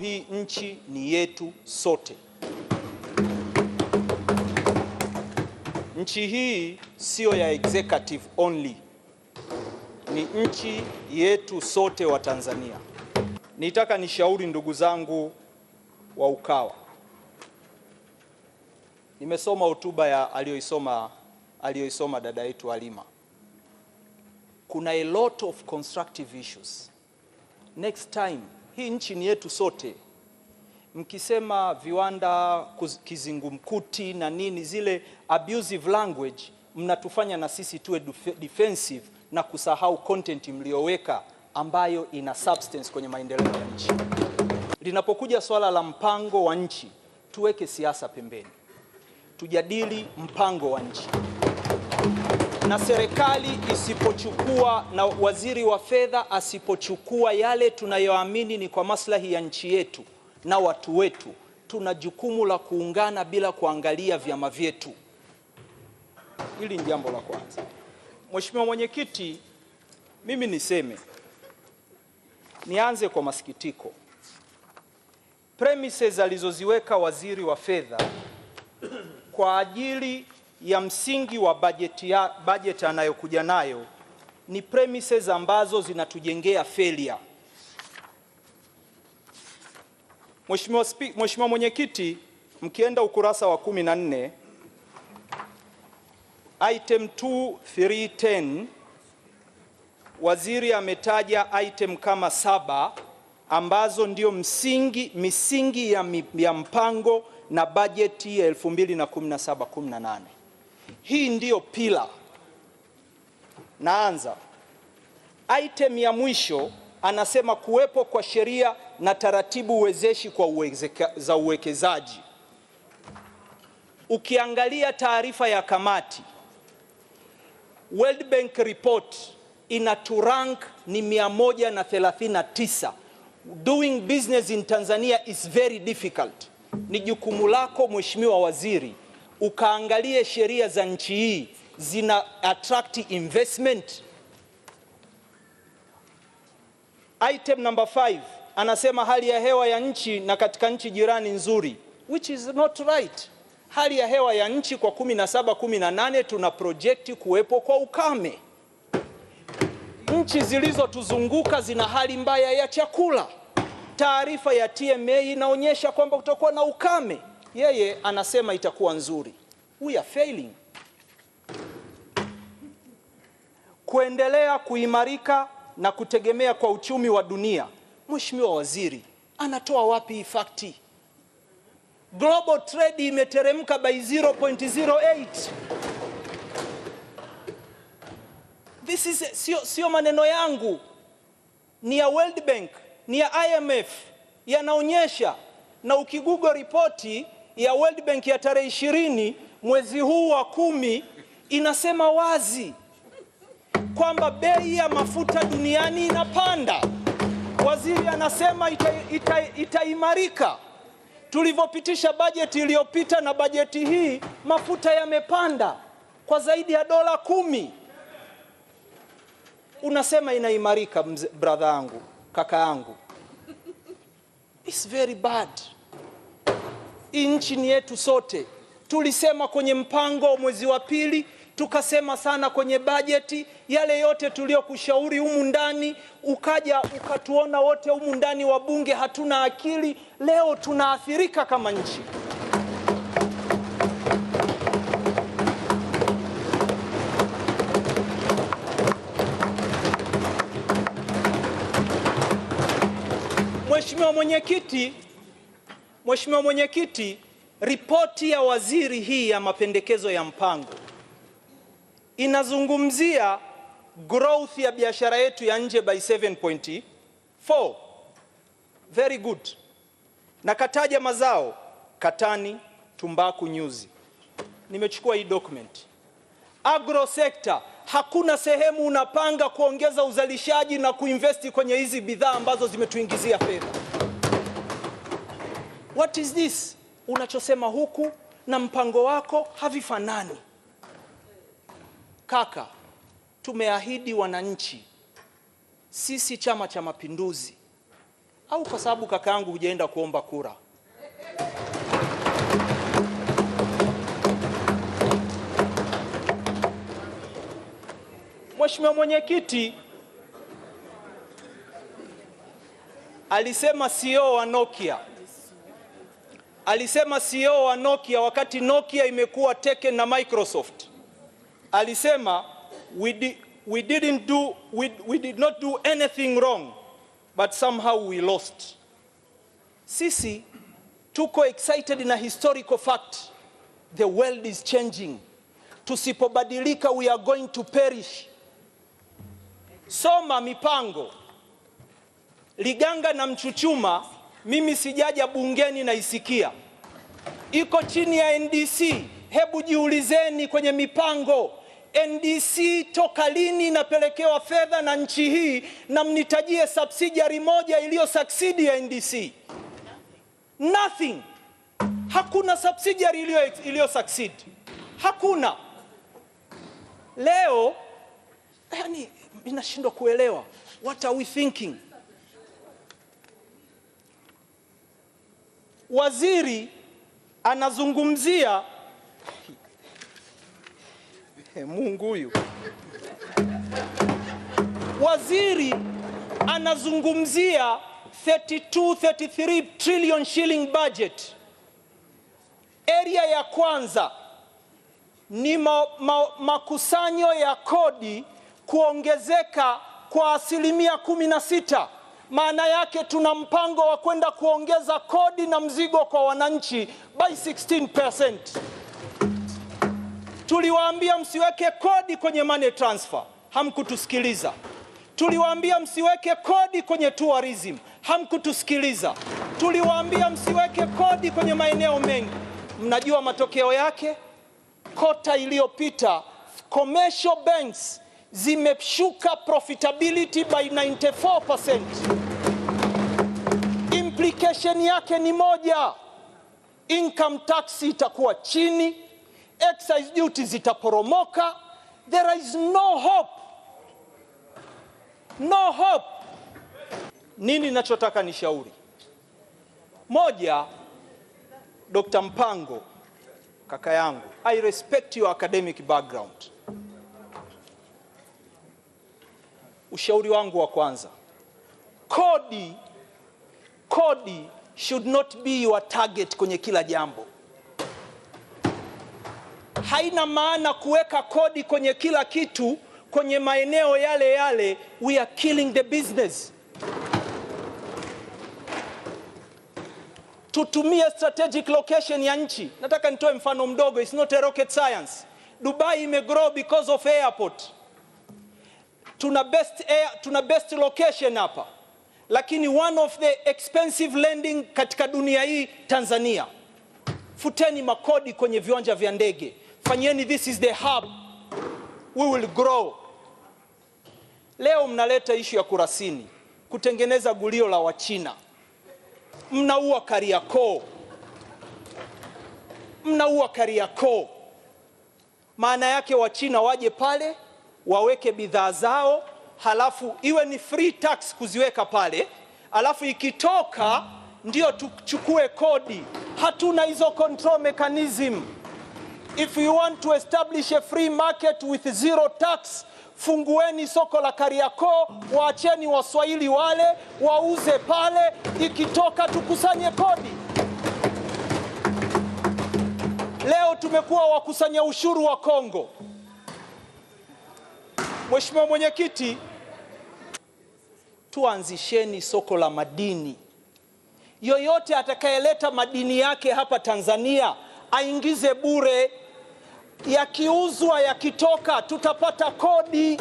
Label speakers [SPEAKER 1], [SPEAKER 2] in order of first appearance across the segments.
[SPEAKER 1] hii nchi ni yetu sote. Nchi hii siyo ya executive only, ni nchi yetu sote wa Tanzania. Nitaka nishauri ndugu zangu wa Ukawa, nimesoma hotuba ya aliyoisoma aliyoisoma dada yetu Halima. Kuna a lot of constructive issues next time hii nchi ni yetu sote. Mkisema viwanda kizingumkuti na nini, zile abusive language, mnatufanya na sisi tuwe defensive na kusahau content mlioweka ambayo ina substance kwenye maendeleo ya nchi. Linapokuja swala la mpango wa nchi, tuweke siasa pembeni, tujadili mpango wa nchi na serikali isipochukua na waziri wa fedha asipochukua yale tunayoamini ni kwa maslahi ya nchi yetu na watu wetu, tuna jukumu la kuungana bila kuangalia vyama vyetu. Hili ni jambo la kwanza. Mheshimiwa Mwenyekiti, mimi niseme, nianze kwa masikitiko, premises alizoziweka waziri wa fedha kwa ajili ya msingi wa bajeti ya bajeti anayokuja nayo ni premises ambazo zinatujengea failure. Mheshimiwa Mheshimiwa Mwenyekiti, mkienda ukurasa wa 14 item 2310 waziri ametaja item kama saba ambazo ndio msingi, misingi ya, ya mpango na bajeti ya 2017-18. Hii ndiyo pila. Naanza item ya mwisho, anasema kuwepo kwa sheria na taratibu wezeshi kwa uwezeka, za uwekezaji. Ukiangalia taarifa ya kamati World Bank report ina turank ni 139 doing business in Tanzania is very difficult. Ni jukumu lako Mheshimiwa Waziri ukaangalie sheria za nchi hii zina attract investment. Item number 5 anasema hali ya hewa ya nchi na katika nchi jirani nzuri, which is not right. Hali ya hewa ya nchi kwa 17 18 tuna project kuwepo kwa ukame. Nchi zilizotuzunguka zina hali mbaya ya chakula. Taarifa ya TMA inaonyesha kwamba kutakuwa na ukame yeye anasema itakuwa nzuri. We are failing. Kuendelea kuimarika na kutegemea kwa uchumi wa dunia, Mheshimiwa Waziri anatoa wapi hii fakti? Global trade imeteremka by 0.08. This is sio, sio maneno yangu, ni ya World Bank, ni ya IMF yanaonyesha, na ukigugo ripoti ya World Bank ya tarehe ishirini mwezi huu wa kumi inasema wazi kwamba bei ya mafuta duniani inapanda. Waziri anasema itaimarika. Ita, ita tulivyopitisha bajeti iliyopita na bajeti hii, mafuta yamepanda kwa zaidi ya dola kumi. Unasema inaimarika, brother yangu, kaka yangu, it's very bad nchi yetu sote. Tulisema kwenye mpango mwezi wa pili, tukasema sana kwenye bajeti, yale yote tuliyokushauri humu ndani, ukaja ukatuona wote humu ndani wa bunge hatuna akili. Leo tunaathirika kama nchi. Mheshimiwa Mwenyekiti, Mheshimiwa Mwenyekiti, ripoti ya waziri hii ya mapendekezo ya mpango inazungumzia growth ya biashara yetu ya nje by 7.4 very good, na kataja mazao katani, tumbaku, nyuzi. Nimechukua hii document agro sector hakuna sehemu unapanga kuongeza uzalishaji na kuinvesti kwenye hizi bidhaa ambazo zimetuingizia fedha what is this, unachosema huku na mpango wako havifanani. Kaka, tumeahidi wananchi sisi Chama cha Mapinduzi, au kwa sababu kaka yangu hujaenda kuomba kura? Mheshimiwa Mwenyekiti alisema CEO wa Nokia Alisema CEO wa Nokia wakati Nokia imekuwa taken na Microsoft, alisema we, di, we, didn't do, we, we did not do anything wrong but somehow we lost. Sisi tuko excited na historical fact, the world is changing. Tusipobadilika we are going to perish. Soma mipango Liganga na Mchuchuma mimi sijaja bungeni naisikia, iko chini ya NDC. Hebu jiulizeni kwenye mipango NDC toka lini inapelekewa fedha na nchi hii, na mnitajie subsidiary moja iliyo succeed ya NDC. Nothing, hakuna subsidiary iliyo succeed, hakuna. Leo yani, inashindwa kuelewa what are we thinking. waziri anazungumzia eh, Mungu huyu, waziri anazungumzia 32 33 trillion shilling budget. Area ya kwanza ni ma, ma, makusanyo ya kodi kuongezeka kwa asilimia 16 maana yake tuna mpango wa kwenda kuongeza kodi na mzigo kwa wananchi by 16%. Tuliwaambia msiweke kodi kwenye money transfer, hamkutusikiliza. Tuliwaambia msiweke kodi kwenye tourism, hamkutusikiliza. Tuliwaambia msiweke kodi kwenye maeneo mengi. Mnajua matokeo yake? Kota iliyopita commercial banks zimeshuka profitability by 94%. Implication yake ni moja, income tax itakuwa chini, excise duty zitaporomoka. There is no hope, no hope. Nini ninachotaka shauri Moja, Dr. Mpango kaka yangu, I respect your academic background ushauri wangu wa kwanza, kodi kodi should not be your target kwenye kila jambo. Haina maana kuweka kodi kwenye kila kitu kwenye maeneo yale yale, we are killing the business. Tutumie strategic location ya nchi. Nataka nitoe mfano mdogo, it's not a rocket science. Dubai imegrow because of airport tuna best air, tuna best location hapa, lakini one of the expensive landing katika dunia hii Tanzania. Futeni makodi kwenye viwanja vya ndege, fanyeni, this is the hub, we will grow. Leo mnaleta ishu ya Kurasini kutengeneza gulio la Wachina, mnaua Kariakoo, mnaua Kariakoo. Maana yake Wachina waje pale waweke bidhaa zao, halafu iwe ni free tax kuziweka pale, halafu ikitoka ndio tuchukue kodi. Hatuna hizo control mechanism. If you want to establish a free market with zero tax, fungueni soko la Kariakoo, waacheni Waswahili wale wauze pale, ikitoka tukusanye kodi. Leo tumekuwa wakusanya ushuru wa Kongo. Mheshimiwa Mwenyekiti, tuanzisheni soko la madini. Yoyote atakayeleta madini yake hapa Tanzania aingize bure, yakiuzwa yakitoka, tutapata kodi.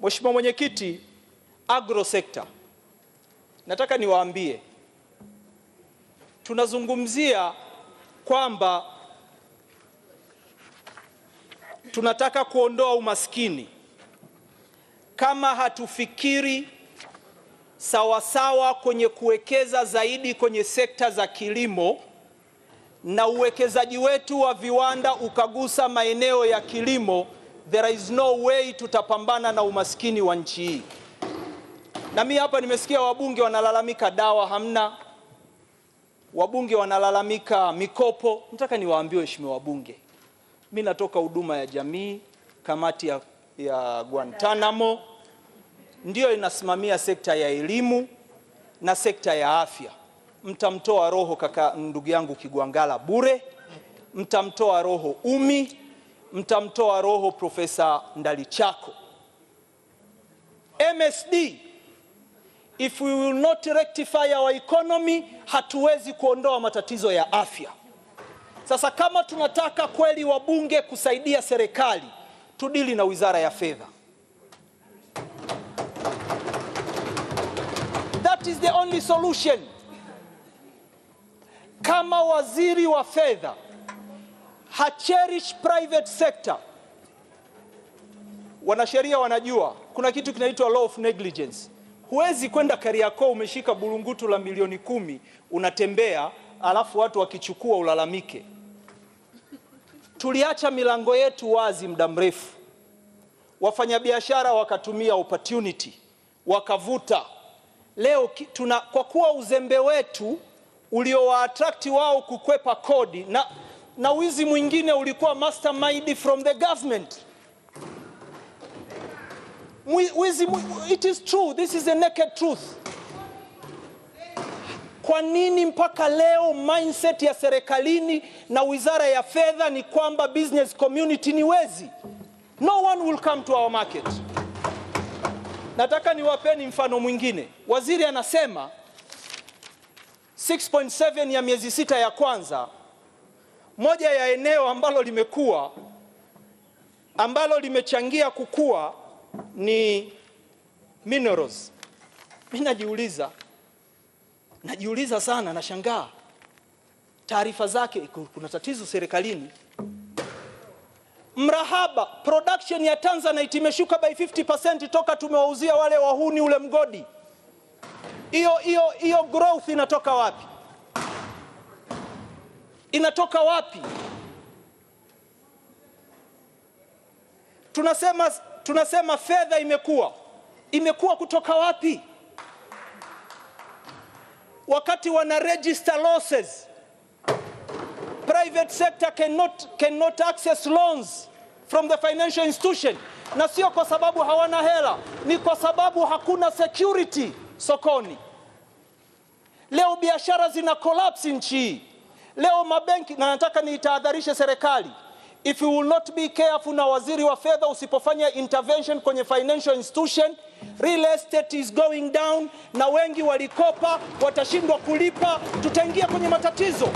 [SPEAKER 1] Mheshimiwa Mwenyekiti, agro sector, nataka niwaambie tunazungumzia kwamba tunataka kuondoa umaskini, kama hatufikiri sawasawa kwenye kuwekeza zaidi kwenye sekta za kilimo na uwekezaji wetu wa viwanda ukagusa maeneo ya kilimo, there is no way tutapambana na umaskini wa nchi hii. Na mimi hapa nimesikia wabunge wanalalamika dawa hamna, wabunge wanalalamika mikopo. Nataka niwaambie waheshimiwa wabunge, mi natoka huduma ya jamii, kamati ya, ya Guantanamo ndiyo inasimamia sekta ya elimu na sekta ya afya. Mtamtoa roho kaka ndugu yangu Kigwangala bure, mtamtoa roho Umi, mtamtoa roho Profesa Ndalichako. MSD if we will not rectify our economy, hatuwezi kuondoa matatizo ya afya. Sasa kama tunataka kweli wabunge kusaidia serikali, tudili na wizara ya fedha. That is the only solution. Kama waziri wa fedha hacherish private sector, wanasheria wanajua kuna kitu kinaitwa law of negligence. Huwezi kwenda Kariakoo umeshika bulungutu la milioni kumi unatembea, alafu watu wakichukua ulalamike. Tuliacha milango yetu wazi muda mrefu, wafanyabiashara wakatumia opportunity wakavuta. Leo tuna, kwa kuwa uzembe wetu uliowaatrakti wao kukwepa kodi na, na wizi mwingine ulikuwa mastermind from the government wizi, it is true, this is a naked truth kwa nini mpaka leo mindset ya serikalini na wizara ya fedha ni kwamba business community ni wezi? No one will come to our market. Nataka niwapeni mfano mwingine. Waziri anasema 6.7 ya miezi sita ya kwanza, moja ya eneo ambalo limekuwa ambalo limechangia kukua ni minerals. Mimi najiuliza najiuliza sana, nashangaa taarifa zake, kuna tatizo serikalini. Mrahaba production ya Tanzanite imeshuka by 50% toka tumewauzia wale wahuni ule mgodi. Hiyo hiyo hiyo growth inatoka wapi? Inatoka wapi? Tunasema, tunasema fedha imekuwa imekuwa kutoka wapi? wakati wana register losses private sector cannot, cannot access loans from the financial institution, na sio kwa sababu hawana hela, ni kwa sababu hakuna security sokoni. Leo biashara zina collapse nchi hii. Leo mabenki, na nataka niitahadharishe serikali, if you will not be careful, na waziri wa fedha, usipofanya intervention kwenye financial institution Real estate is going down, na wengi walikopa watashindwa kulipa, tutaingia kwenye matatizo.